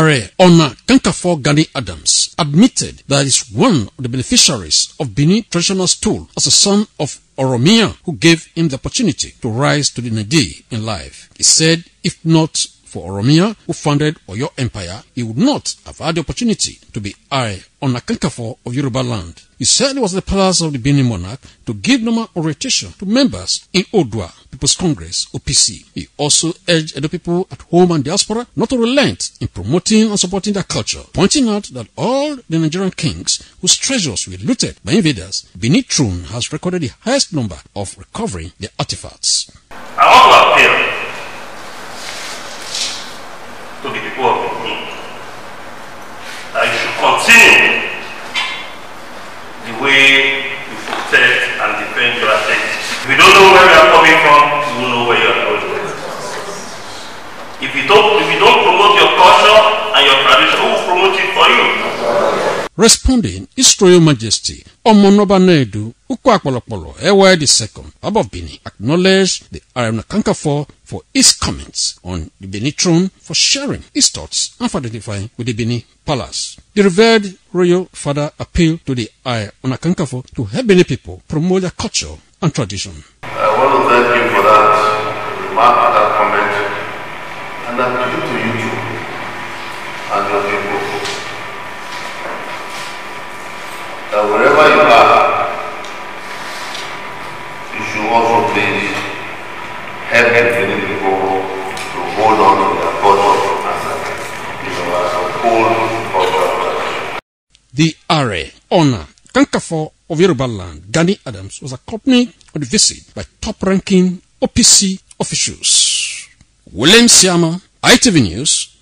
RA Honor Kankafor Gani Adams admitted that he is one of the beneficiaries of Bini Traditional's tool as a son of Oromia who gave him the opportunity to rise to the Nadi in life. He said, if not for Oromia who founded Oyo Empire, he would not have had the opportunity to be I on Akankafo of Yoruba land. He said it was the palace of the Benin monarch to give normal orientation to members in Odwa People's Congress, OPC. He also urged the people at home and diaspora not to relent in promoting and supporting their culture, pointing out that all the Nigerian kings whose treasures were looted by invaders, Benin Trun has recorded the highest number of recovering their artifacts. I want to appeal Responding, His Royal Majesty, Omonobanedu, Ukwakpolopolo, Ewa the second, above Bini, acknowledged the Aranakankafor for his comments on the Bini throne, for sharing his thoughts and for identifying with the Bini palace. The revered royal father appealed to the Aranakankafor to help Bini people promote their culture and tradition. I want to thank you for that remark, that comment, and that to you too, and your people. that wherever you are, you should also please help the many people to hold on to their culture and you know, as a whole The Are Honor Kankafo of Yoruba land, Gani Adams, was accompanied on the visit by top-ranking OPC officials. William Siama, ITV News,